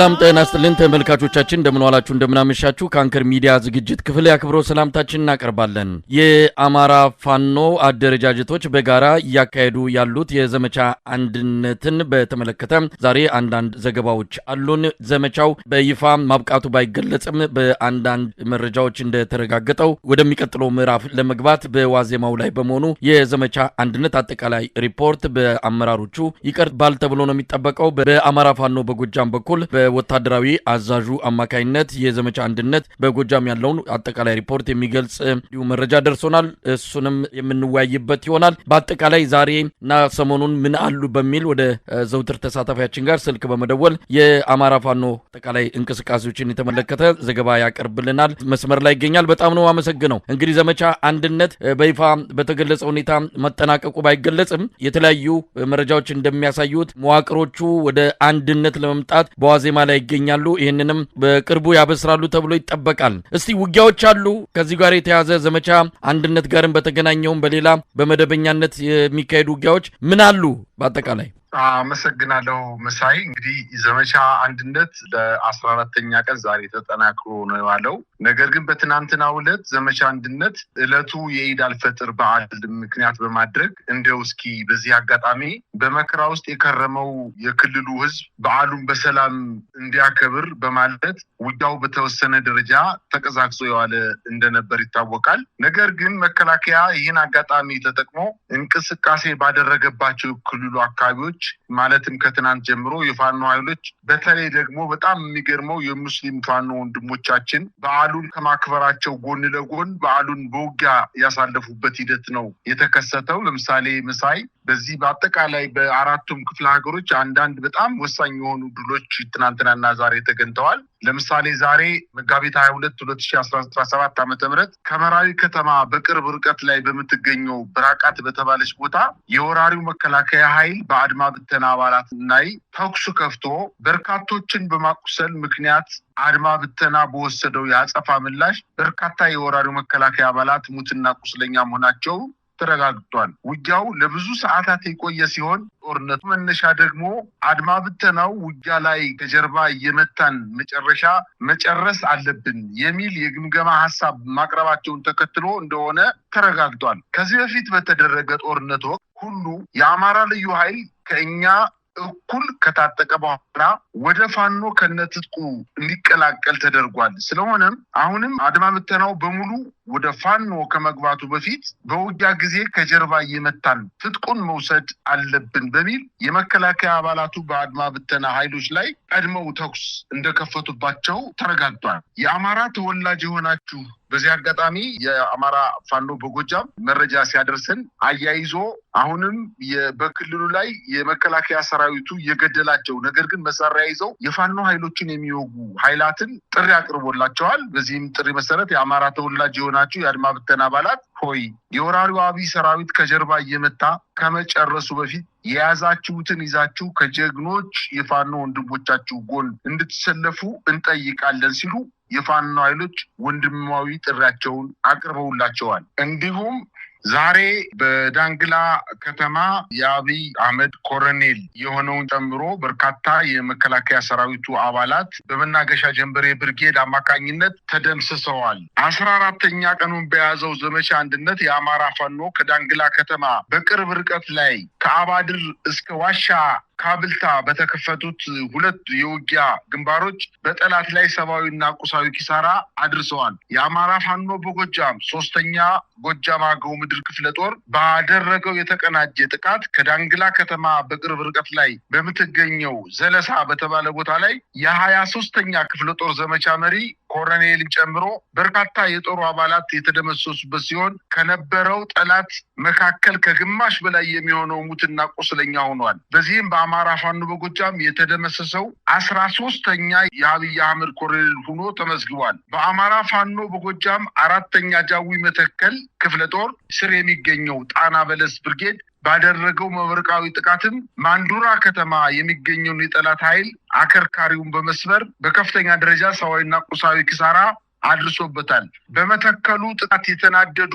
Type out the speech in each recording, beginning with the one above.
ሰላም ጤና ስጥልን ተመልካቾቻችን፣ እንደምን ዋላችሁ፣ እንደምናመሻችሁ። ከአንከር ሚዲያ ዝግጅት ክፍል የአክብሮት ሰላምታችን እናቀርባለን። የአማራ ፋኖ አደረጃጀቶች በጋራ እያካሄዱ ያሉት የዘመቻ አንድነትን በተመለከተ ዛሬ አንዳንድ ዘገባዎች አሉን። ዘመቻው በይፋ ማብቃቱ ባይገለጽም በአንዳንድ መረጃዎች እንደተረጋገጠው ወደሚቀጥለው ምዕራፍ ለመግባት በዋዜማው ላይ በመሆኑ የዘመቻ አንድነት አጠቃላይ ሪፖርት በአመራሮቹ ይቀርባል ተብሎ ነው የሚጠበቀው። በአማራ ፋኖ በጎጃም በኩል በወታደራዊ አዛዡ አማካይነት የዘመቻ አንድነት በጎጃም ያለውን አጠቃላይ ሪፖርት የሚገልጽ እንዲሁ መረጃ ደርሶናል። እሱንም የምንወያይበት ይሆናል። በአጠቃላይ ዛሬ እና ሰሞኑን ምን አሉ በሚል ወደ ዘውትር ተሳታፊያችን ጋር ስልክ በመደወል የአማራ ፋኖ አጠቃላይ እንቅስቃሴዎችን የተመለከተ ዘገባ ያቀርብልናል። መስመር ላይ ይገኛል። በጣም ነው አመሰግነው። እንግዲህ ዘመቻ አንድነት በይፋ በተገለጸ ሁኔታ መጠናቀቁ ባይገለጽም የተለያዩ መረጃዎች እንደሚያሳዩት መዋቅሮቹ ወደ አንድነት ለመምጣት በዋዜማ ፊርማ ላይ ይገኛሉ። ይህንንም በቅርቡ ያበስራሉ ተብሎ ይጠበቃል። እስቲ ውጊያዎች አሉ። ከዚህ ጋር የተያዘ ዘመቻ አንድነት ጋርም በተገናኘውም በሌላ በመደበኛነት የሚካሄዱ ውጊያዎች ምን አሉ? በአጠቃላይ አመሰግናለሁ መሳይ። እንግዲህ ዘመቻ አንድነት ለአስራ አራተኛ ቀን ዛሬ ተጠናክሮ ነው የዋለው። ነገር ግን በትናንትና ሁለት ዘመቻ አንድነት እለቱ የኢድ አልፈጥር በዓል ምክንያት በማድረግ እንደው እስኪ በዚህ አጋጣሚ በመከራ ውስጥ የከረመው የክልሉ ህዝብ በዓሉን በሰላም እንዲያከብር በማለት ውጊያው በተወሰነ ደረጃ ተቀዛቅዞ የዋለ እንደነበር ይታወቃል። ነገር ግን መከላከያ ይህን አጋጣሚ ተጠቅሞ እንቅስቃሴ ባደረገባቸው ክልሉ ሉ አካባቢዎች ማለትም ከትናንት ጀምሮ የፋኖ ኃይሎች በተለይ ደግሞ በጣም የሚገርመው የሙስሊም ፋኖ ወንድሞቻችን በዓሉን ከማክበራቸው ጎን ለጎን በዓሉን በውጊያ ያሳለፉበት ሂደት ነው የተከሰተው። ለምሳሌ መሳይ በዚህ በአጠቃላይ በአራቱም ክፍለ ሀገሮች አንዳንድ በጣም ወሳኝ የሆኑ ድሎች ትናንትናና ዛሬ ተገኝተዋል። ለምሳሌ ዛሬ መጋቢት ሀያ ሁለት ሁለት ሺ አስራ ሰባት ዓመተ ምህረት ከመራዊ ከተማ በቅርብ ርቀት ላይ በምትገኘው ብራቃት በተባለች ቦታ የወራሪው መከላከያ ኃይል በአድማ ብተና አባላት ላይ ተኩሱ ከፍቶ በርካቶችን በማቁሰል ምክንያት አድማ ብተና በወሰደው የአጸፋ ምላሽ በርካታ የወራሪው መከላከያ አባላት ሙትና ቁስለኛ መሆናቸው ተረጋግጧል። ውጊያው ለብዙ ሰዓታት የቆየ ሲሆን ጦርነቱ መነሻ ደግሞ አድማ ብተናው ውጊያ ላይ ከጀርባ እየመታን መጨረሻ መጨረስ አለብን የሚል የግምገማ ሀሳብ ማቅረባቸውን ተከትሎ እንደሆነ ተረጋግጧል። ከዚህ በፊት በተደረገ ጦርነት ወቅት ሁሉ የአማራ ልዩ ኃይል ከእኛ እኩል ከታጠቀ በኋላ ወደ ፋኖ ከነትጥቁ እንዲቀላቀል ተደርጓል። ስለሆነም አሁንም አድማ ብተናው በሙሉ ወደ ፋኖ ከመግባቱ በፊት በውጊያ ጊዜ ከጀርባ እየመታን ትጥቁን መውሰድ አለብን በሚል የመከላከያ አባላቱ በአድማ ብተና ኃይሎች ላይ ቀድመው ተኩስ እንደከፈቱባቸው ተረጋግጧል። የአማራ ተወላጅ የሆናችሁ በዚህ አጋጣሚ የአማራ ፋኖ በጎጃም መረጃ ሲያደርስን አያይዞ አሁንም በክልሉ ላይ የመከላከያ ሰራዊቱ የገደላቸው ነገር ግን መሳሪያ ይዘው የፋኖ ኃይሎችን የሚወጉ ኃይላትን ጥሪ አቅርቦላቸዋል። በዚህም ጥሪ መሰረት የአማራ ተወላጅ የሆናችሁ የአድማ ብተን አባላት ሆይ የወራሪው አብይ ሰራዊት ከጀርባ እየመታ ከመጨረሱ በፊት የያዛችሁትን ይዛችሁ ከጀግኖች የፋኖ ወንድሞቻችሁ ጎን እንድትሰለፉ እንጠይቃለን ሲሉ የፋኖ ኃይሎች ወንድማዊ ጥሪያቸውን አቅርበውላቸዋል። እንዲሁም ዛሬ በዳንግላ ከተማ የአብይ አህመድ ኮረኔል የሆነውን ጨምሮ በርካታ የመከላከያ ሰራዊቱ አባላት በመናገሻ ጀንበሬ ብርጌድ አማካኝነት ተደምስሰዋል። አስራ አራተኛ ቀኑን በያዘው ዘመቻ አንድነት የአማራ ፋኖ ከዳንግላ ከተማ በቅርብ ርቀት ላይ ከአባድር እስከ ዋሻ ካብልታ በተከፈቱት ሁለት የውጊያ ግንባሮች በጠላት ላይ ሰብአዊና ቁሳዊ ኪሳራ አድርሰዋል። የአማራ ፋኖ በጎጃም ሶስተኛ ጎጃም አገው ምድር ክፍለ ጦር ባደረገው የተቀናጀ ጥቃት ከዳንግላ ከተማ በቅርብ ርቀት ላይ በምትገኘው ዘለሳ በተባለ ቦታ ላይ የሀያ ሶስተኛ ክፍለ ጦር ዘመቻ መሪ ኮረኔልን ጨምሮ በርካታ የጦሩ አባላት የተደመሰሱበት ሲሆን ከነበረው ጠላት መካከል ከግማሽ በላይ የሚሆነው ሙትና ቁስለኛ ሆኗል። በዚህም አማራ ፋኖ በጎጃም የተደመሰሰው አስራ ሶስተኛ የአብይ አህመድ ኮሎኔል ሆኖ ተመዝግቧል። በአማራ ፋኖ በጎጃም አራተኛ ጃዊ መተከል ክፍለ ጦር ስር የሚገኘው ጣና በለስ ብርጌድ ባደረገው መብረቃዊ ጥቃትም ማንዱራ ከተማ የሚገኘውን የጠላት ኃይል አከርካሪውን በመስበር በከፍተኛ ደረጃ ሰዋዊና ቁሳዊ ኪሳራ አድርሶበታል። በመተከሉ ጥቃት የተናደዱ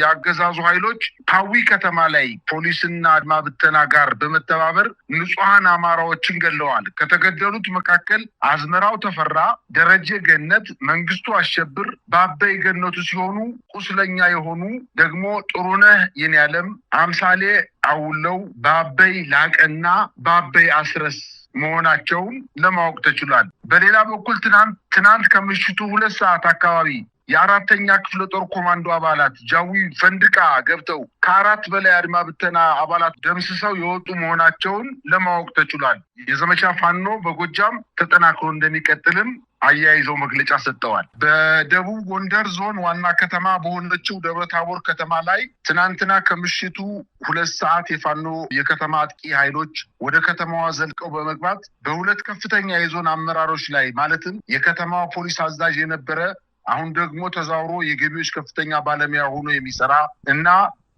የአገዛዙ ኃይሎች ፓዊ ከተማ ላይ ፖሊስና አድማ ብተና ጋር በመተባበር ንጹሐን አማራዎችን ገለዋል። ከተገደሉት መካከል አዝመራው ተፈራ፣ ደረጀ ገነት፣ መንግስቱ አሸብር፣ በአበይ ገነቱ ሲሆኑ ቁስለኛ የሆኑ ደግሞ ጥሩነህ የኔ ያለም፣ አምሳሌ አውለው፣ በአበይ ላቀና በአበይ አስረስ መሆናቸውን ለማወቅ ተችሏል። በሌላ በኩል ትናንት ትናንት ከምሽቱ ሁለት ሰዓት አካባቢ የአራተኛ ክፍለ ጦር ኮማንዶ አባላት ጃዊ ፈንድቃ ገብተው ከአራት በላይ አድማ ብተና አባላት ደምስሰው የወጡ መሆናቸውን ለማወቅ ተችሏል። የዘመቻ ፋኖ በጎጃም ተጠናክሮ እንደሚቀጥልም አያይዘው መግለጫ ሰጥተዋል። በደቡብ ጎንደር ዞን ዋና ከተማ በሆነችው ደብረ ታቦር ከተማ ላይ ትናንትና ከምሽቱ ሁለት ሰዓት የፋኖ የከተማ አጥቂ ኃይሎች ወደ ከተማዋ ዘልቀው በመግባት በሁለት ከፍተኛ የዞን አመራሮች ላይ ማለትም የከተማዋ ፖሊስ አዛዥ የነበረ አሁን ደግሞ ተዛውሮ የገቢዎች ከፍተኛ ባለሙያ ሆኖ የሚሰራ እና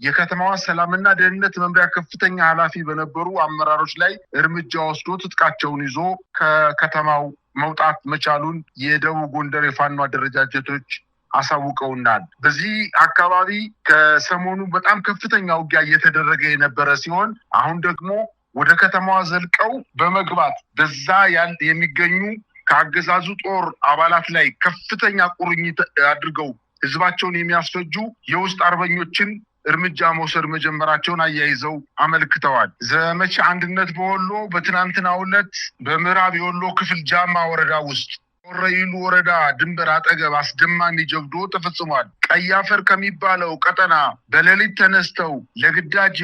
የከተማዋ ሰላምና ደህንነት መምሪያ ከፍተኛ ኃላፊ በነበሩ አመራሮች ላይ እርምጃ ወስዶ ትጥቃቸውን ይዞ ከከተማው መውጣት መቻሉን የደቡብ ጎንደር የፋኖ አደረጃጀቶች አሳውቀውናል። በዚህ አካባቢ ከሰሞኑ በጣም ከፍተኛ ውጊያ እየተደረገ የነበረ ሲሆን አሁን ደግሞ ወደ ከተማዋ ዘልቀው በመግባት በዛ የሚገኙ ከአገዛዙ ጦር አባላት ላይ ከፍተኛ ቁርኝት አድርገው ህዝባቸውን የሚያስፈጁ የውስጥ አርበኞችን እርምጃ መውሰድ መጀመራቸውን አያይዘው አመልክተዋል። ዘመቻ አንድነት በወሎ በትናንትናው ዕለት በምዕራብ የወሎ ክፍል ጃማ ወረዳ ውስጥ ወረኢሉ ወረዳ ድንበር አጠገብ አስደማሚ ጀብዶ ተፈጽሟል። ቀይ አፈር ከሚባለው ቀጠና በሌሊት ተነስተው ለግዳጅ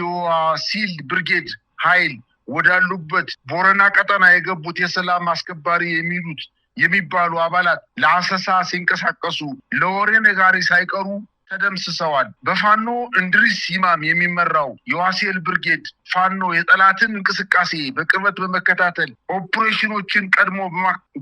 ሲል ብርጌድ ኃይል ወዳሉበት ቦረና ቀጠና የገቡት የሰላም አስከባሪ የሚሉት የሚባሉ አባላት ለአሰሳ ሲንቀሳቀሱ ለወሬ ነጋሪ ሳይቀሩ ተደምስሰዋል። በፋኖ እንድሪስ ኢማም የሚመራው የዋሴል ብርጌድ ፋኖ የጠላትን እንቅስቃሴ በቅርበት በመከታተል ኦፕሬሽኖችን ቀድሞ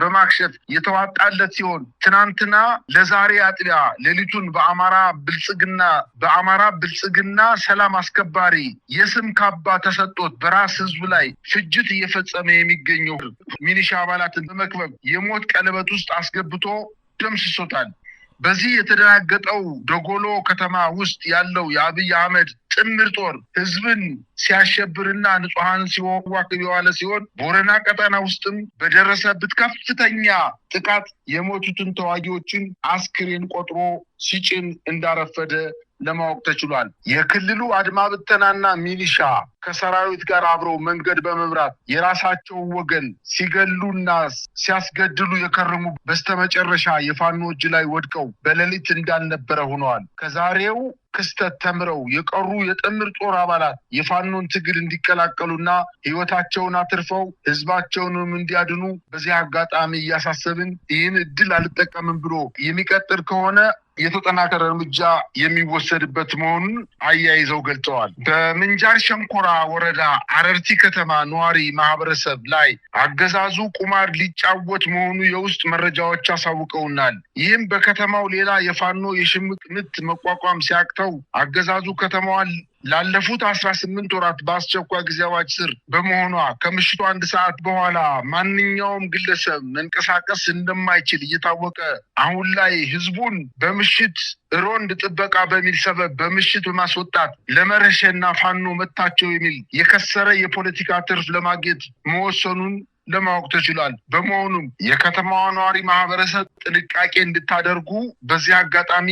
በማክሸፍ የተዋጣለት ሲሆን ትናንትና ለዛሬ አጥቢያ ሌሊቱን በአማራ ብልጽግና በአማራ ብልጽግና ሰላም አስከባሪ የስም ካባ ተሰጦት በራስ ህዝብ ላይ ፍጅት እየፈጸመ የሚገኘው ሚኒሻ አባላትን በመክበብ የሞት ቀለበት ውስጥ አስገብቶ ደምስሶታል። በዚህ የተደናገጠው ደጎሎ ከተማ ውስጥ ያለው የአብይ አህመድ ጥምር ጦር ህዝብን ሲያሸብርና ንጹሐን ሲዋክብ የዋለ ሲሆን ቦረና ቀጠና ውስጥም በደረሰበት ከፍተኛ ጥቃት የሞቱትን ተዋጊዎችን አስክሬን ቆጥሮ ሲጭን እንዳረፈደ ለማወቅ ተችሏል። የክልሉ አድማ ብተናና ሚሊሻ ከሰራዊት ጋር አብረው መንገድ በመምራት የራሳቸውን ወገን ሲገሉና ሲያስገድሉ የከረሙ በስተመጨረሻ የፋኖ እጅ ላይ ወድቀው በሌሊት እንዳልነበረ ሆነዋል። ከዛሬው ክስተት ተምረው የቀሩ የጥምር ጦር አባላት የፋኖን ትግል እንዲቀላቀሉና ሕይወታቸውን አትርፈው ሕዝባቸውንም እንዲያድኑ በዚህ አጋጣሚ እያሳሰብን ይህን እድል አልጠቀምም ብሎ የሚቀጥል ከሆነ የተጠናከረ እርምጃ የሚወሰድበት መሆኑን አያይዘው ገልጸዋል። በምንጃር ሸንኮራ ወረዳ አረርቲ ከተማ ነዋሪ ማህበረሰብ ላይ አገዛዙ ቁማር ሊጫወት መሆኑ የውስጥ መረጃዎች አሳውቀውናል። ይህም በከተማው ሌላ የፋኖ የሽምቅ ምት መቋቋም ሲያቅተው አገዛዙ ከተማዋን ላለፉት አስራ ስምንት ወራት በአስቸኳይ ጊዜ አዋጅ ስር በመሆኗ ከምሽቱ አንድ ሰዓት በኋላ ማንኛውም ግለሰብ መንቀሳቀስ እንደማይችል እየታወቀ አሁን ላይ ህዝቡን በምሽት ሮንድ ጥበቃ በሚል ሰበብ በምሽት በማስወጣት ለመረሸና ፋኖ መታቸው የሚል የከሰረ የፖለቲካ ትርፍ ለማግኘት መወሰኑን ለማወቅ ተችሏል። በመሆኑም የከተማዋ ነዋሪ ማህበረሰብ ጥንቃቄ እንድታደርጉ በዚህ አጋጣሚ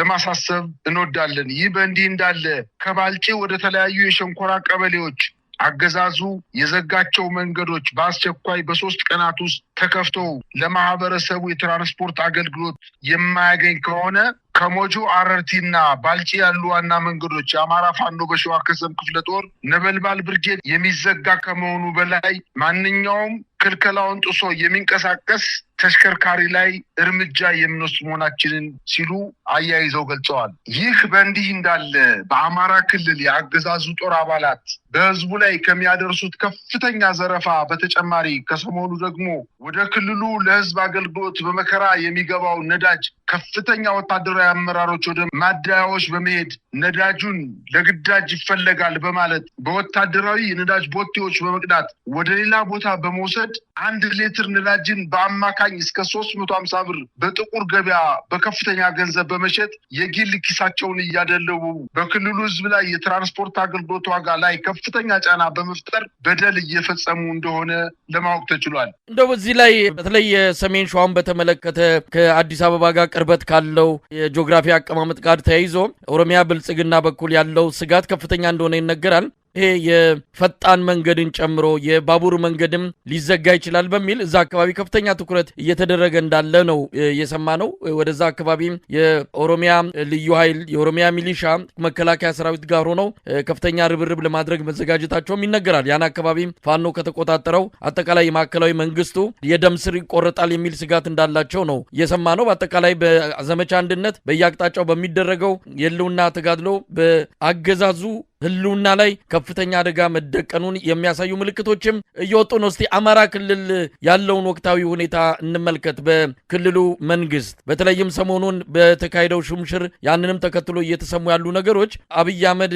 ለማሳሰብ እንወዳለን። ይህ በእንዲህ እንዳለ ከባልጪ ወደ ተለያዩ የሸንኮራ ቀበሌዎች አገዛዙ የዘጋቸው መንገዶች በአስቸኳይ በሶስት ቀናት ውስጥ ተከፍተው ለማህበረሰቡ የትራንስፖርት አገልግሎት የማያገኝ ከሆነ ከሞጆ አረርቲና ባልጪ ያሉ ዋና መንገዶች የአማራ ፋኖ በሸዋ ከሰም ክፍለ ጦር ነበልባል ብርጌድ የሚዘጋ ከመሆኑ በላይ ማንኛውም ክልከላውን ጥሶ የሚንቀሳቀስ ተሽከርካሪ ላይ እርምጃ የምንወስድ መሆናችንን ሲሉ አያይዘው ገልጸዋል። ይህ በእንዲህ እንዳለ በአማራ ክልል የአገዛዙ ጦር አባላት በህዝቡ ላይ ከሚያደርሱት ከፍተኛ ዘረፋ በተጨማሪ ከሰሞኑ ደግሞ ወደ ክልሉ ለህዝብ አገልግሎት በመከራ የሚገባው ነዳጅ ከፍተኛ ወታደራዊ የመንግስታዊ አመራሮች ወደ ማደያዎች በመሄድ ነዳጁን ለግዳጅ ይፈለጋል በማለት በወታደራዊ የነዳጅ ቦቴዎች በመቅዳት ወደ ሌላ ቦታ በመውሰድ አንድ ሌትር ነዳጅን በአማካኝ እስከ ሶስት መቶ ሀምሳ ብር በጥቁር ገበያ በከፍተኛ ገንዘብ በመሸጥ የግል ኪሳቸውን እያደለቡ በክልሉ ህዝብ ላይ የትራንስፖርት አገልግሎት ዋጋ ላይ ከፍተኛ ጫና በመፍጠር በደል እየፈጸሙ እንደሆነ ለማወቅ ተችሏል። እንደው በዚህ ላይ በተለይ የሰሜን ሸዋን በተመለከተ ከአዲስ አበባ ጋር ቅርበት ካለው ከጂኦግራፊ አቀማመጥ ጋር ተያይዞ ኦሮሚያ ብልጽግና በኩል ያለው ስጋት ከፍተኛ እንደሆነ ይነገራል። ይሄ የፈጣን መንገድን ጨምሮ የባቡር መንገድም ሊዘጋ ይችላል በሚል እዛ አካባቢ ከፍተኛ ትኩረት እየተደረገ እንዳለ ነው የሰማ ነው። ወደዛ አካባቢ የኦሮሚያ ልዩ ኃይል የኦሮሚያ ሚሊሻ መከላከያ ሰራዊት ጋር ሆነው ከፍተኛ ርብርብ ለማድረግ መዘጋጀታቸውም ይነገራል። ያን አካባቢ ፋኖ ከተቆጣጠረው አጠቃላይ የማዕከላዊ መንግስቱ የደም ስር ይቆረጣል የሚል ስጋት እንዳላቸው ነው የሰማ ነው። በአጠቃላይ በዘመቻ አንድነት በየአቅጣጫው በሚደረገው የህልውና ተጋድሎ በአገዛዙ ህልውና ላይ ከፍተኛ አደጋ መደቀኑን የሚያሳዩ ምልክቶችም እየወጡ ነው። እስቲ አማራ ክልል ያለውን ወቅታዊ ሁኔታ እንመልከት። በክልሉ መንግስት በተለይም ሰሞኑን በተካሄደው ሹምሽር ያንንም ተከትሎ እየተሰሙ ያሉ ነገሮች አብይ አህመድ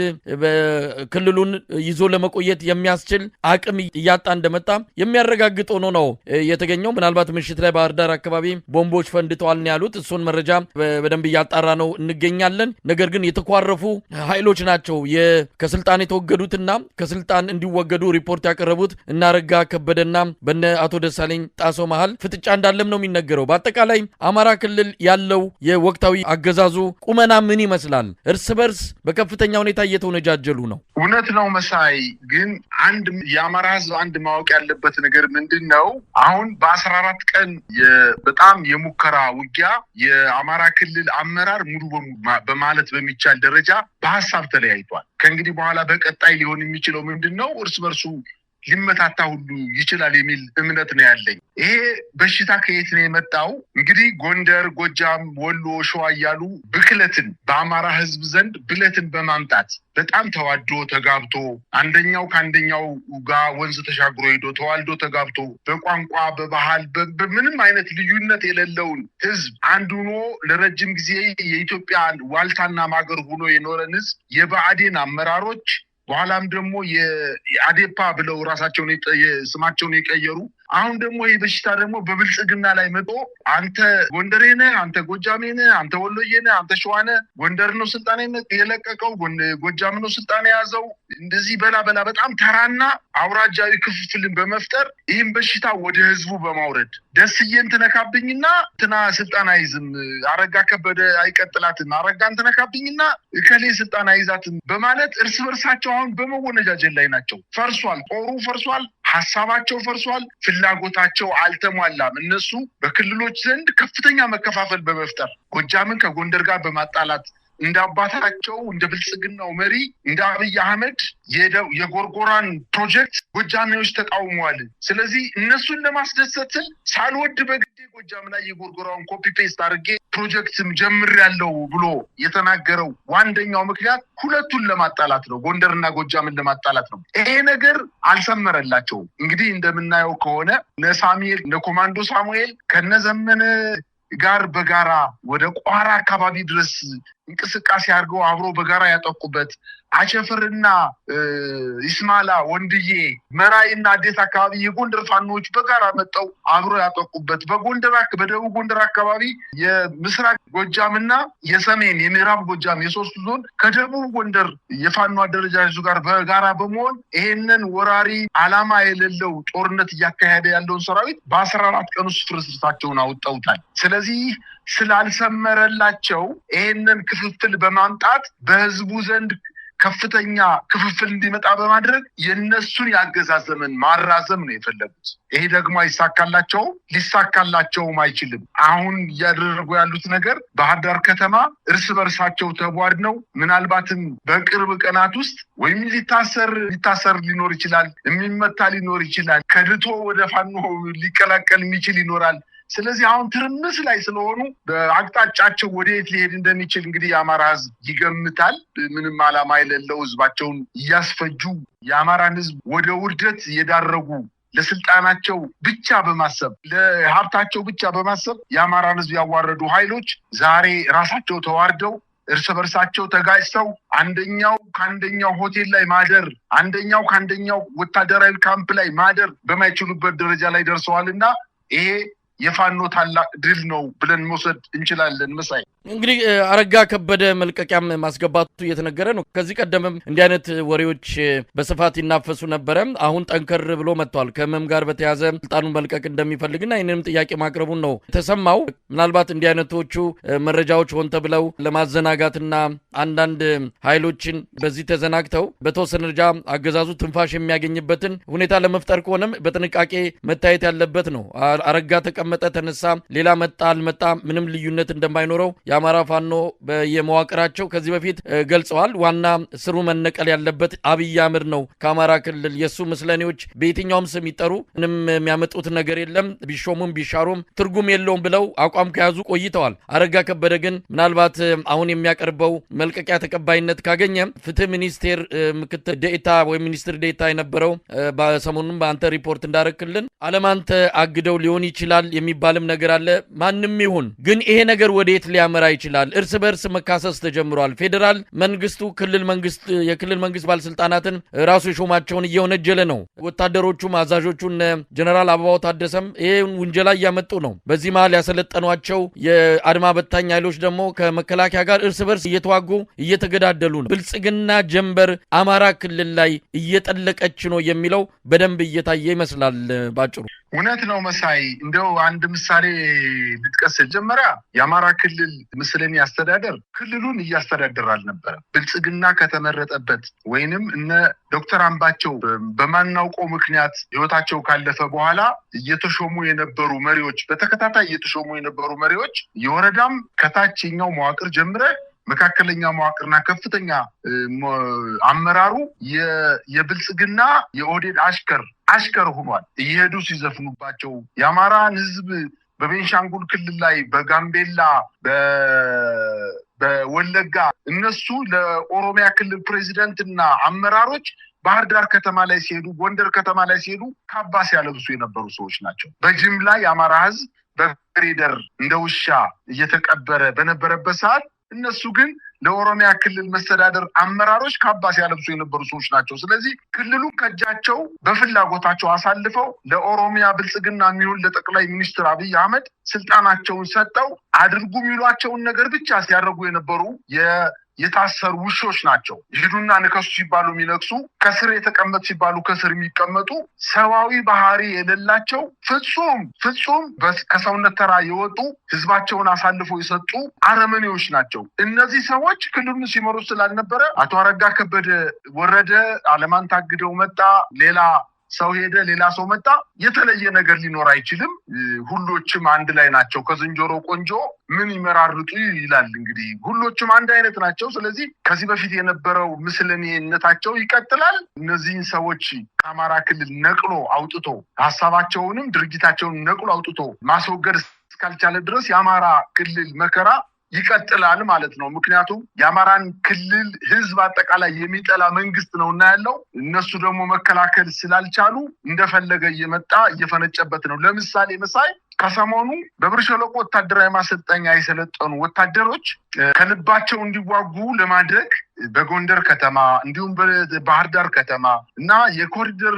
ክልሉን ይዞ ለመቆየት የሚያስችል አቅም እያጣ እንደመጣ የሚያረጋግጥ ሆኖ ነው የተገኘው። ምናልባት ምሽት ላይ ባህር ዳር አካባቢ ቦምቦች ፈንድተዋል ነው ያሉት። እሱን መረጃ በደንብ እያጣራ ነው እንገኛለን። ነገር ግን የተኳረፉ ኃይሎች ናቸው ከስልጣን የተወገዱትና ከስልጣን እንዲወገዱ ሪፖርት ያቀረቡት እነ አረጋ ከበደና በነ አቶ ደሳለኝ ጣሶ መሃል ፍጥጫ እንዳለም ነው የሚነገረው። በአጠቃላይ አማራ ክልል ያለው የወቅታዊ አገዛዙ ቁመና ምን ይመስላል? እርስ በርስ በከፍተኛ ሁኔታ እየተወነጃጀሉ ነው። እውነት ነው መሳይ። ግን አንድ የአማራ ህዝብ አንድ ማወቅ ያለበት ነገር ምንድን ነው? አሁን በአስራ አራት ቀን በጣም የሙከራ ውጊያ የአማራ ክልል አመራር ሙሉ በሙሉ በማለት በሚቻል ደረጃ በሀሳብ ተለያይቷል። ከእንግዲህ በኋላ በቀጣይ ሊሆን የሚችለው ምንድን ነው? እርስ በርሱ ሊመታታ ሁሉ ይችላል የሚል እምነት ነው ያለኝ። ይሄ በሽታ ከየት ነው የመጣው? እንግዲህ ጎንደር፣ ጎጃም፣ ወሎ፣ ሸዋ እያሉ ብክለትን በአማራ ሕዝብ ዘንድ ብለትን በማምጣት በጣም ተዋዶ ተጋብቶ አንደኛው ከአንደኛው ጋር ወንዝ ተሻግሮ ሄዶ ተዋልዶ ተጋብቶ በቋንቋ በባህል በምንም አይነት ልዩነት የሌለውን ሕዝብ አንድ ሆኖ ለረጅም ጊዜ የኢትዮጵያ ዋልታና ማገር ሆኖ የኖረን ሕዝብ የብአዴን አመራሮች በኋላም ደግሞ የአዴፓ ብለው ራሳቸውን ስማቸውን የቀየሩ አሁን ደግሞ ይህ በሽታ ደግሞ በብልጽግና ላይ መጦ አንተ ጎንደሬ ነህ፣ አንተ ጎጃሜ ነህ፣ አንተ ወሎዬ ነህ፣ አንተ ሸዋ ነህ፣ ጎንደር ነው ስልጣን የለቀቀው ጎጃም ነው ስልጣን የያዘው እንደዚህ በላ በላ በጣም ተራና አውራጃዊ ክፍፍልን በመፍጠር ይህም በሽታ ወደ ህዝቡ በማውረድ ደስዬ እንትነካብኝና ትና ስልጣን አይዝም፣ አረጋ ከበደ አይቀጥላትም፣ አረጋ እንትነካብኝና እከሌ ስልጣን አይዛትም በማለት እርስ በርሳቸው አሁን በመወነጃጀል ላይ ናቸው። ፈርሷል፣ ጦሩ ፈርሷል፣ ሀሳባቸው ፈርሷል፣ ፍላጎታቸው አልተሟላም። እነሱ በክልሎች ዘንድ ከፍተኛ መከፋፈል በመፍጠር ጎጃምን ከጎንደር ጋር በማጣላት እንደ አባታቸው እንደ ብልጽግናው መሪ እንደ አብይ አህመድ የጎርጎራን ፕሮጀክት ጎጃሜዎች ተቃውመዋል። ስለዚህ እነሱን ለማስደሰት ሳልወድ በግዴ ጎጃም ላይ የጎርጎራውን ኮፒ ፔስት አድርጌ ፕሮጀክትም ያለው ብሎ የተናገረው ዋንደኛው ምክንያት ሁለቱን ለማጣላት ነው፣ ጎንደርና ጎጃምን ለማጣላት ነው። ይሄ ነገር አልሰመረላቸውም። እንግዲህ እንደምናየው ከሆነ እነ ሳሙኤል እነ ኮማንዶ ሳሙኤል ከነዘመነ ጋር በጋራ ወደ ቋራ አካባቢ ድረስ እንቅስቃሴ አድርገው አብሮ በጋራ ያጠቁበት አቸፈርና ይስማላ ወንድዬ መራይ እና አዴት አካባቢ የጎንደር ፋኖዎች በጋራ መጠው አብሮ ያጠቁበት በጎንደር በደቡብ ጎንደር አካባቢ የምስራቅ ጎጃም እና የሰሜን የምዕራብ ጎጃም የሶስቱ ዞን ከደቡብ ጎንደር የፋኖ አደረጃጀቱ ጋር በጋራ በመሆን ይሄንን ወራሪ አላማ የሌለው ጦርነት እያካሄደ ያለውን ሰራዊት በአስራ አራት ቀን ውስጥ ፍርስርሳቸውን አውጠውታል። ስለዚህ ስላልሰመረላቸው ይህንን ክፍፍል በማምጣት በህዝቡ ዘንድ ከፍተኛ ክፍፍል እንዲመጣ በማድረግ የእነሱን ያገዛዘምን ማራዘም ነው የፈለጉት። ይሄ ደግሞ አይሳካላቸውም፣ ሊሳካላቸውም አይችልም። አሁን እያደረጉ ያሉት ነገር ባህር ዳር ከተማ እርስ በርሳቸው ተቧድ ነው። ምናልባትም በቅርብ ቀናት ውስጥ ወይም ሊታሰር ሊታሰር ሊኖር ይችላል፣ የሚመታ ሊኖር ይችላል ከድቶ ወደ ፋኖ ሊቀላቀል የሚችል ይኖራል። ስለዚህ አሁን ትርምስ ላይ ስለሆኑ በአቅጣጫቸው ወደየት ሊሄድ እንደሚችል እንግዲህ የአማራ ህዝብ ይገምታል። ምንም ዓላማ የሌለው ህዝባቸውን እያስፈጁ የአማራን ህዝብ ወደ ውርደት የዳረጉ ለስልጣናቸው ብቻ በማሰብ ለሀብታቸው ብቻ በማሰብ የአማራን ህዝብ ያዋረዱ ኃይሎች ዛሬ ራሳቸው ተዋርደው እርስ በርሳቸው ተጋጭተው አንደኛው ከአንደኛው ሆቴል ላይ ማደር፣ አንደኛው ከአንደኛው ወታደራዊ ካምፕ ላይ ማደር በማይችሉበት ደረጃ ላይ ደርሰዋል እና ይሄ የፋኖ ታላቅ ድል ነው ብለን መውሰድ እንችላለን። መሳይ እንግዲህ አረጋ ከበደ መልቀቂያም ማስገባቱ እየተነገረ ነው። ከዚህ ቀደምም እንዲህ አይነት ወሬዎች በስፋት ይናፈሱ ነበረ። አሁን ጠንከር ብሎ መጥቷል። ከህመም ጋር በተያዘ ስልጣኑን መልቀቅ እንደሚፈልግና ይህንንም ጥያቄ ማቅረቡን ነው የተሰማው። ምናልባት እንዲህ አይነቶቹ መረጃዎች ሆን ተብለው ለማዘናጋትና አንዳንድ ኃይሎችን በዚህ ተዘናግተው በተወሰነ ደረጃ አገዛዙ ትንፋሽ የሚያገኝበትን ሁኔታ ለመፍጠር ከሆነም በጥንቃቄ መታየት ያለበት ነው። አረጋ ተቀ ተቀመጠ፣ ተነሳ፣ ሌላ መጣ፣ አልመጣ ምንም ልዩነት እንደማይኖረው የአማራ ፋኖ የመዋቅራቸው ከዚህ በፊት ገልጸዋል። ዋና ስሩ መነቀል ያለበት አብይ አህመድ ነው ከአማራ ክልል። የእሱ ምስለኔዎች በየትኛውም ስም ይጠሩ ምንም የሚያመጡት ነገር የለም ቢሾሙም ቢሻሩም ትርጉም የለውም ብለው አቋም ከያዙ ቆይተዋል። አረጋ ከበደ ግን ምናልባት አሁን የሚያቀርበው መልቀቂያ ተቀባይነት ካገኘ ፍትህ ሚኒስቴር ምክትል ዴኤታ ወይም ሚኒስትር ዴኤታ የነበረው በሰሞኑም በአንተ ሪፖርት እንዳረክልን አለም አንተ አግደው ሊሆን ይችላል የሚባልም ነገር አለ። ማንም ይሁን ግን ይሄ ነገር የት ሊያመራ ይችላል? እርስ በእርስ መካሰስ ተጀምሯል። ፌዴራል መንግስቱ ክልል መንግስት የክልል መንግስት ባለስልጣናትን ራሱ የሾማቸውን እየወነጀለ ነው። ወታደሮቹም አዛዦቹ ጀነራል አበባው ታደሰም ይህን ውንጀላ እያመጡ ነው። በዚህ መሀል ያሰለጠኗቸው የአድማ በታኝ ኃይሎች ደግሞ ከመከላከያ ጋር እርስ በርስ እየተዋጉ እየተገዳደሉ ነው። ብልጽግና ጀንበር አማራ ክልል ላይ እየጠለቀች ነው የሚለው በደንብ እየታየ ይመስላል ባጭሩ። እውነት ነው መሳይ። እንደው አንድ ምሳሌ ልጥቀስ። መጀመሪያ የአማራ ክልል ምስልን አስተዳደር ክልሉን እያስተዳደር አልነበረ ብልጽግና ከተመረጠበት ወይንም እነ ዶክተር አምባቸው በማናውቀው ምክንያት ህይወታቸው ካለፈ በኋላ እየተሾሙ የነበሩ መሪዎች በተከታታይ እየተሾሙ የነበሩ መሪዎች የወረዳም ከታችኛው መዋቅር ጀምረ መካከለኛ መዋቅርና ከፍተኛ አመራሩ የብልጽግና የኦህዴድ አሽከር አሽከር ሆኗል። እየሄዱ ሲዘፍኑባቸው የአማራን ህዝብ በቤንሻንጉል ክልል ላይ በጋምቤላ በወለጋ እነሱ ለኦሮሚያ ክልል እና አመራሮች ባህር ዳር ከተማ ላይ ሲሄዱ፣ ጎንደር ከተማ ላይ ሲሄዱ ካባ ሲያለብሱ የነበሩ ሰዎች ናቸው። በጅምላ የአማራ ህዝብ በግሬደር እንደ ውሻ እየተቀበረ በነበረበት ሰዓት እነሱ ግን ለኦሮሚያ ክልል መስተዳደር አመራሮች ካባ ያለብሱ የነበሩ ሰዎች ናቸው። ስለዚህ ክልሉን ከእጃቸው በፍላጎታቸው አሳልፈው ለኦሮሚያ ብልጽግና የሚሆን ለጠቅላይ ሚኒስትር አብይ አህመድ ስልጣናቸውን ሰጠው አድርጉ የሚሏቸውን ነገር ብቻ ሲያደርጉ የነበሩ የታሰሩ ውሾች ናቸው። ሂዱና ንከሱ ሲባሉ የሚነክሱ፣ ከስር የተቀመጡ ሲባሉ ከስር የሚቀመጡ ሰብአዊ ባህሪ የሌላቸው ፍጹም ፍጹም ከሰውነት ተራ የወጡ ህዝባቸውን አሳልፎ የሰጡ አረመኔዎች ናቸው። እነዚህ ሰዎች ክልሉን ሲመሩ ስላልነበረ አቶ አረጋ ከበደ ወረደ፣ አለማን ታግደው መጣ ሌላ ሰው ሄደ፣ ሌላ ሰው መጣ፣ የተለየ ነገር ሊኖር አይችልም። ሁሎችም አንድ ላይ ናቸው። ከዝንጀሮ ቆንጆ ምን ይመራርጡ ይላል እንግዲህ። ሁሎችም አንድ አይነት ናቸው። ስለዚህ ከዚህ በፊት የነበረው ምስለኔነታቸው ይቀጥላል። እነዚህን ሰዎች ከአማራ ክልል ነቅሎ አውጥቶ ሀሳባቸውንም ድርጅታቸውን ነቅሎ አውጥቶ ማስወገድ እስካልቻለ ድረስ የአማራ ክልል መከራ ይቀጥላል ማለት ነው። ምክንያቱም የአማራን ክልል ህዝብ አጠቃላይ የሚጠላ መንግስት ነው እና ያለው እነሱ ደግሞ መከላከል ስላልቻሉ እንደፈለገ እየመጣ እየፈነጨበት ነው። ለምሳሌ መሳይ ከሰሞኑ በብር ሸለቆ ወታደራዊ ማሰልጠኛ የሰለጠኑ ወታደሮች ከልባቸው እንዲዋጉ ለማድረግ በጎንደር ከተማ እንዲሁም በባህር ዳር ከተማ እና የኮሪደር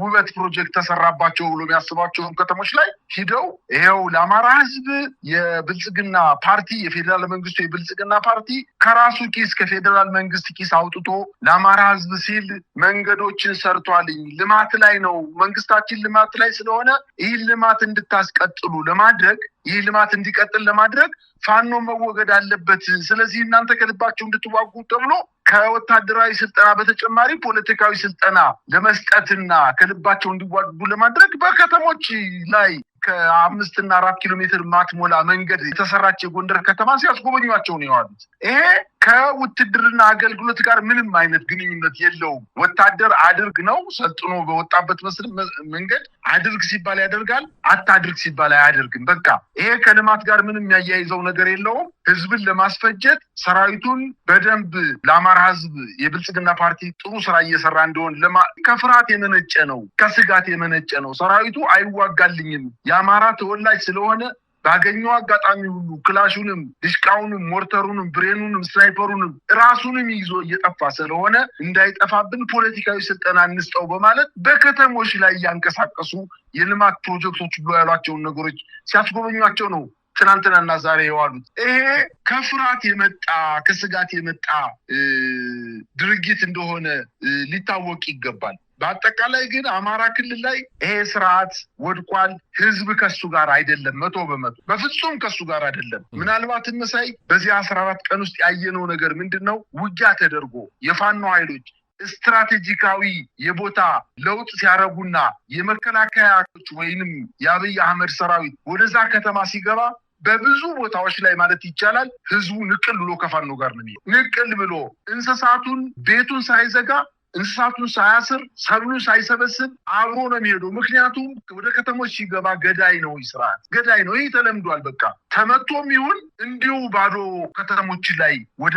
ውበት ፕሮጀክት ተሰራባቸው ብሎ የሚያስባቸውን ከተሞች ላይ ሂደው ይኸው ለአማራ ህዝብ የብልጽግና ፓርቲ የፌዴራል መንግስቱ የብልጽግና ፓርቲ ከራሱ ኪስ ከፌዴራል መንግስት ኪስ አውጥቶ ለአማራ ህዝብ ሲል መንገዶችን ሰርቷልኝ ልማት ላይ ነው መንግስታችን ልማት ላይ ስለሆነ ይህን ልማት እንድታስቀጥሉ ለማድረግ ይህ ልማት እንዲቀጥል ለማድረግ ፋኖ መወገድ አለበት። ስለዚህ እናንተ ከልባቸው እንድትዋጉ ተብሎ ከወታደራዊ ስልጠና በተጨማሪ ፖለቲካዊ ስልጠና ለመስጠትና ከልባቸው እንዲዋጉ ለማድረግ በከተሞች ላይ ከአምስት እና አራት ኪሎ ሜትር ማትሞላ መንገድ የተሰራች የጎንደር ከተማ ሲያስጎበኟቸው ነው የዋሉት። ይሄ ከውትድርና አገልግሎት ጋር ምንም አይነት ግንኙነት የለውም። ወታደር አድርግ ነው ሰልጥኖ በወጣበት መስል መንገድ አድርግ ሲባል ያደርጋል፣ አታድርግ ሲባል አያደርግም። በቃ ይሄ ከልማት ጋር ምንም የሚያያይዘው ነገር የለውም። ህዝብን ለማስፈጀት ሰራዊቱን በደንብ ለአማራ ህዝብ የብልጽግና ፓርቲ ጥሩ ስራ እየሰራ እንደሆን ከፍርሃት የመነጨ ነው፣ ከስጋት የመነጨ ነው። ሰራዊቱ አይዋጋልኝም የአማራ ተወላጅ ስለሆነ ባገኘው አጋጣሚ ሁሉ ክላሹንም፣ ድሽቃውንም፣ ሞርተሩንም፣ ብሬኑንም፣ ስናይፐሩንም ራሱንም ይዞ እየጠፋ ስለሆነ እንዳይጠፋብን ፖለቲካዊ ስልጠና እንስጠው በማለት በከተሞች ላይ እያንቀሳቀሱ የልማት ፕሮጀክቶች ብሎ ያሏቸውን ነገሮች ሲያስጎበኟቸው ነው ትናንትናና ዛሬ የዋሉት። ይሄ ከፍርሃት የመጣ ከስጋት የመጣ ድርጊት እንደሆነ ሊታወቅ ይገባል። በአጠቃላይ ግን አማራ ክልል ላይ ይሄ ስርዓት ወድቋል። ህዝብ ከሱ ጋር አይደለም፣ መቶ በመቶ በፍጹም ከሱ ጋር አይደለም። ምናልባት እነሳይ በዚህ አስራ አራት ቀን ውስጥ ያየነው ነገር ምንድን ነው? ውጊያ ተደርጎ የፋኖ ኃይሎች ስትራቴጂካዊ የቦታ ለውጥ ሲያደርጉና የመከላከያ ወይንም የአብይ አህመድ ሰራዊት ወደዛ ከተማ ሲገባ በብዙ ቦታዎች ላይ ማለት ይቻላል ህዝቡ ንቅል ብሎ ከፋኖ ጋር ነው ንቅል ብሎ እንስሳቱን ቤቱን ሳይዘጋ እንስሳቱን ሳያስር ሰብሉን ሳይሰበስብ አብሮ ነው የሚሄደው። ምክንያቱም ወደ ከተሞች ሲገባ ገዳይ ነው፣ ስርዓት ገዳይ ነው። ይህ ተለምዷል። በቃ ተመቶም ይሁን እንዲሁ ባዶ ከተሞች ላይ ወደ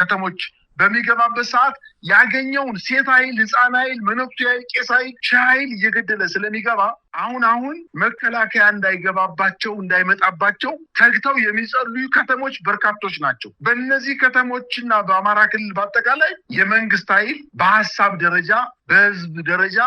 ከተሞች በሚገባበት ሰዓት ያገኘውን ሴት ኃይል፣ ህፃን ኃይል፣ መነኩሴ ኃይል፣ ቄስ ኃይል፣ ሺህ ኃይል እየገደለ ስለሚገባ አሁን አሁን መከላከያ እንዳይገባባቸው እንዳይመጣባቸው ተግተው የሚጸልዩ ከተሞች በርካቶች ናቸው። በእነዚህ ከተሞችና በአማራ ክልል በአጠቃላይ የመንግስት ኃይል በሀሳብ ደረጃ በህዝብ ደረጃ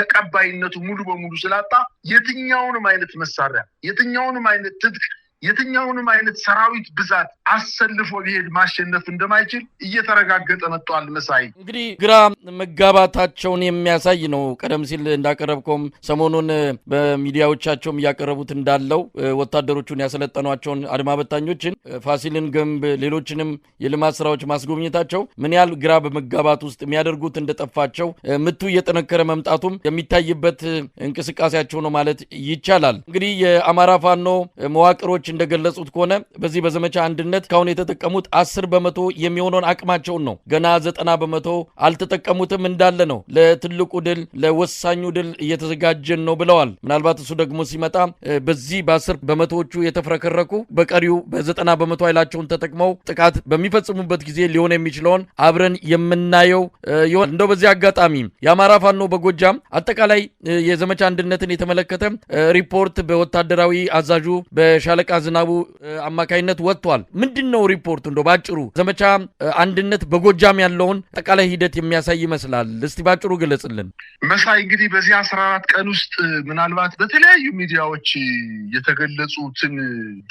ተቀባይነቱ ሙሉ በሙሉ ስላጣ የትኛውንም አይነት መሳሪያ የትኛውንም አይነት ትጥቅ የትኛውንም አይነት ሰራዊት ብዛት አሰልፎ ቢሄድ ማሸነፍ እንደማይችል እየተረጋገጠ መጥቷል። መሳይ እንግዲህ ግራ መጋባታቸውን የሚያሳይ ነው። ቀደም ሲል እንዳቀረብከውም ሰሞኑን በሚዲያዎቻቸውም እያቀረቡት እንዳለው ወታደሮቹን ያሰለጠኗቸውን አድማ በታኞችን ፋሲልን ግንብ፣ ሌሎችንም የልማት ስራዎች ማስጎብኘታቸው ምን ያህል ግራ በመጋባት ውስጥ የሚያደርጉት እንደጠፋቸው ምቱ እየጠነከረ መምጣቱም የሚታይበት እንቅስቃሴያቸው ነው ማለት ይቻላል። እንግዲህ የአማራ ፋኖ መዋቅሮች እንደገለጹት ከሆነ በዚህ በዘመቻ አንድነት እስካሁን የተጠቀሙት አስር በመቶ የሚሆነውን አቅማቸውን ነው። ገና ዘጠና በመቶ አልተጠቀሙትም እንዳለ ነው። ለትልቁ ድል ለወሳኙ ድል እየተዘጋጀን ነው ብለዋል። ምናልባት እሱ ደግሞ ሲመጣ በዚህ በአስር በመቶዎቹ የተፍረከረኩ በቀሪው በዘጠና በመቶ ኃይላቸውን ተጠቅመው ጥቃት በሚፈጽሙበት ጊዜ ሊሆን የሚችለውን አብረን የምናየው ይሆን። እንደው በዚህ አጋጣሚ የአማራ ፋኖ በጎጃም አጠቃላይ የዘመቻ አንድነትን የተመለከተ ሪፖርት በወታደራዊ አዛዡ በሻለቃ ዝናቡ አማካይነት ወጥቷል። ምንድን ነው ሪፖርቱ? እንደ ባጭሩ ዘመቻ አንድነት በጎጃም ያለውን አጠቃላይ ሂደት የሚያሳይ ይመስላል። እስቲ ባጭሩ ግለጽልን። መሳይ እንግዲህ በዚህ አስራ አራት ቀን ውስጥ ምናልባት በተለያዩ ሚዲያዎች የተገለጹትን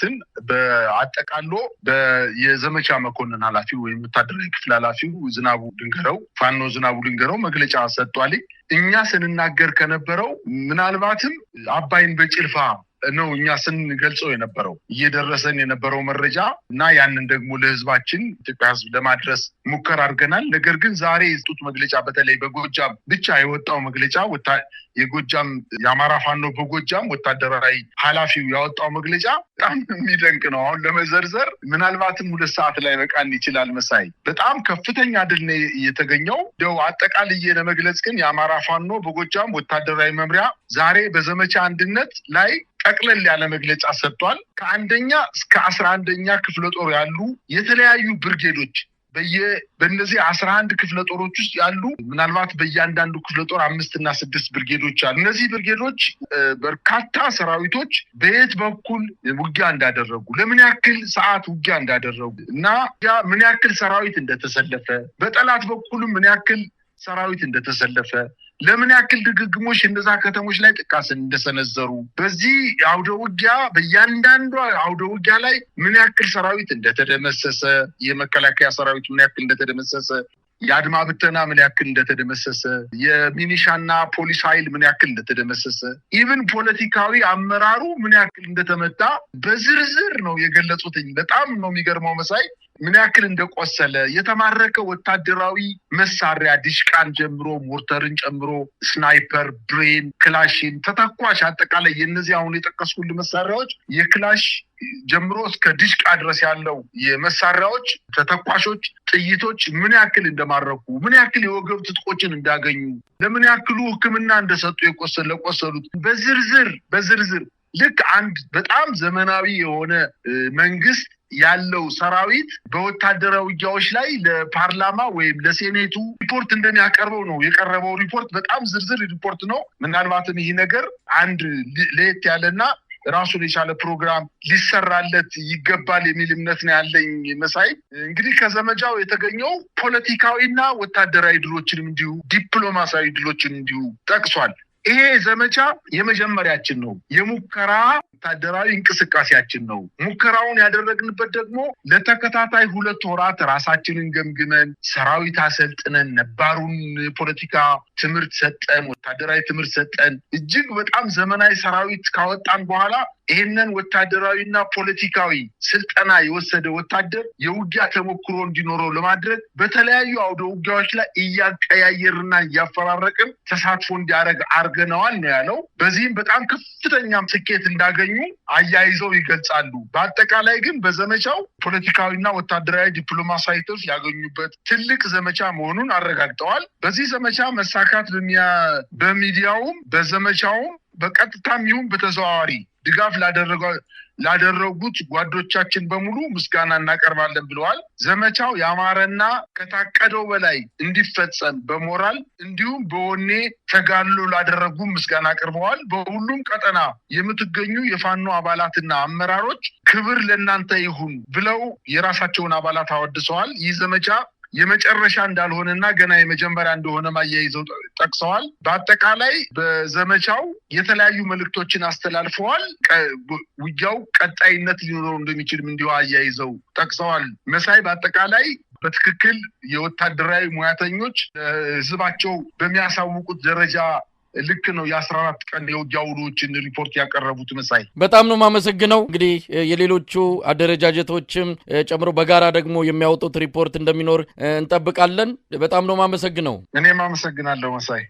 ትን በአጠቃሎ የዘመቻ መኮንን ኃላፊው ወይም ወታደራዊ ክፍል ኃላፊው ዝናቡ ድንገረው ፋኖ ዝናቡ ድንገረው መግለጫ ሰጥቷል። እኛ ስንናገር ከነበረው ምናልባትም አባይን በጭልፋ ነው እኛ ስንገልጸው የነበረው እየደረሰን የነበረው መረጃ እና ያንን ደግሞ ለህዝባችን ኢትዮጵያ ህዝብ ለማድረስ ሙከራ አድርገናል። ነገር ግን ዛሬ የሰጡት መግለጫ በተለይ በጎጃም ብቻ የወጣው መግለጫ የጎጃም የአማራ ፋኖ በጎጃም ወታደራዊ ኃላፊው ያወጣው መግለጫ በጣም የሚደንቅ ነው። አሁን ለመዘርዘር ምናልባትም ሁለት ሰዓት ላይ በቃን ይችላል መሳይ። በጣም ከፍተኛ ድል ነው የተገኘው። አጠቃልዬ ለመግለጽ ግን የአማራ ፋኖ በጎጃም ወታደራዊ መምሪያ ዛሬ በዘመቻ አንድነት ላይ ጠቅለል ያለ መግለጫ ሰጥቷል። ከአንደኛ እስከ አስራ አንደኛ ክፍለ ጦር ያሉ የተለያዩ ብርጌዶች በየ በእነዚህ አስራ አንድ ክፍለ ጦሮች ውስጥ ያሉ ምናልባት በእያንዳንዱ ክፍለ ጦር እና ስድስት ብርጌዶች አሉ። እነዚህ ብርጌዶች በርካታ ሰራዊቶች በየት በኩል ውጊያ እንዳደረጉ፣ ለምን ያክል ሰዓት ውጊያ እንዳደረጉ እና ምን ያክል ሰራዊት እንደተሰለፈ፣ በጠላት በኩልም ምን ያክል ሰራዊት እንደተሰለፈ ለምን ያክል ድግግሞች እንደዛ ከተሞች ላይ ጥቃት እንደሰነዘሩ በዚህ አውደ ውጊያ በእያንዳንዷ አውደ ውጊያ ላይ ምን ያክል ሰራዊት እንደተደመሰሰ፣ የመከላከያ ሰራዊት ምን ያክል እንደተደመሰሰ፣ የአድማ ብተና ምን ያክል እንደተደመሰሰ፣ የሚኒሻና ፖሊስ ኃይል ምን ያክል እንደተደመሰሰ፣ ኢቭን ፖለቲካዊ አመራሩ ምን ያክል እንደተመታ በዝርዝር ነው የገለጹትኝ። በጣም ነው የሚገርመው መሳይ ምን ያክል እንደቆሰለ የተማረከ ወታደራዊ መሳሪያ ዲሽቃን ጀምሮ ሞርተርን ጨምሮ ስናይፐር፣ ብሬን፣ ክላሽን፣ ተተኳሽ አጠቃላይ የእነዚህ አሁን የጠቀሱ ሁሉ መሳሪያዎች የክላሽ ጀምሮ እስከ ዲሽቃ ድረስ ያለው የመሳሪያዎች ተተኳሾች፣ ጥይቶች ምን ያክል እንደማረኩ ምን ያክል የወገብ ትጥቆችን እንዳገኙ ለምን ያክሉ ህክምና እንደሰጡ የቆሰለ ቆሰሉት በዝርዝር በዝርዝር ልክ አንድ በጣም ዘመናዊ የሆነ መንግስት ያለው ሰራዊት በወታደራዊ ውጊያዎች ላይ ለፓርላማ ወይም ለሴኔቱ ሪፖርት እንደሚያቀርበው ነው። የቀረበው ሪፖርት በጣም ዝርዝር ሪፖርት ነው። ምናልባትም ይህ ነገር አንድ ለየት ያለና ራሱን የቻለ ፕሮግራም ሊሰራለት ይገባል የሚል እምነት ነው ያለኝ። መሳይ እንግዲህ ከዘመቻው የተገኘው ፖለቲካዊና ወታደራዊ ድሎችንም እንዲሁ ዲፕሎማሲያዊ ድሎችን እንዲሁ ጠቅሷል። ይሄ ዘመቻ የመጀመሪያችን ነው። የሙከራ ወታደራዊ እንቅስቃሴያችን ነው። ሙከራውን ያደረግንበት ደግሞ ለተከታታይ ሁለት ወራት ራሳችንን ገምግመን ሰራዊት አሰልጥነን ነባሩን ፖለቲካ ትምህርት ሰጠን፣ ወታደራዊ ትምህርት ሰጠን። እጅግ በጣም ዘመናዊ ሰራዊት ካወጣን በኋላ ይህንን ወታደራዊና ፖለቲካዊ ስልጠና የወሰደ ወታደር የውጊያ ተሞክሮ እንዲኖረው ለማድረግ በተለያዩ አውደ ውጊያዎች ላይ እያቀያየርና እያፈራረቅን ተሳትፎ እንዲያደረግ አርገነዋል ነው ያለው። በዚህም በጣም ከፍተኛም ስኬት እንዳገ እንደተገኙ አያይዘው ይገልጻሉ። በአጠቃላይ ግን በዘመቻው ፖለቲካዊና ወታደራዊ ዲፕሎማሲያዊ ትርፍ ያገኙበት ትልቅ ዘመቻ መሆኑን አረጋግጠዋል። በዚህ ዘመቻ መሳካት በሚዲያውም በዘመቻውም በቀጥታም ይሁን በተዘዋዋሪ ድጋፍ ላደረጉት ጓዶቻችን በሙሉ ምስጋና እናቀርባለን ብለዋል። ዘመቻው ያማረና ከታቀደው በላይ እንዲፈጸም በሞራል እንዲሁም በወኔ ተጋድሎ ላደረጉ ምስጋና አቅርበዋል። በሁሉም ቀጠና የምትገኙ የፋኖ አባላትና አመራሮች ክብር ለእናንተ ይሁን ብለው የራሳቸውን አባላት አወድሰዋል። ይህ ዘመቻ የመጨረሻ እንዳልሆነና ገና የመጀመሪያ እንደሆነ ማያይዘው ጠቅሰዋል። በአጠቃላይ በዘመቻው የተለያዩ መልእክቶችን አስተላልፈዋል። ውጊያው ቀጣይነት ሊኖረው እንደሚችልም እንዲሁ አያይዘው ጠቅሰዋል። መሳይ በአጠቃላይ በትክክል የወታደራዊ ሙያተኞች ህዝባቸው በሚያሳውቁት ደረጃ ልክ ነው። የአስራ አራት ቀን የውጊያ ውሎችን ሪፖርት ያቀረቡት መሳይ በጣም ነው የማመሰግነው። እንግዲህ የሌሎቹ አደረጃጀቶችም ጨምሮ በጋራ ደግሞ የሚያወጡት ሪፖርት እንደሚኖር እንጠብቃለን። በጣም ነው የማመሰግነው። እኔም አመሰግናለሁ መሳይ።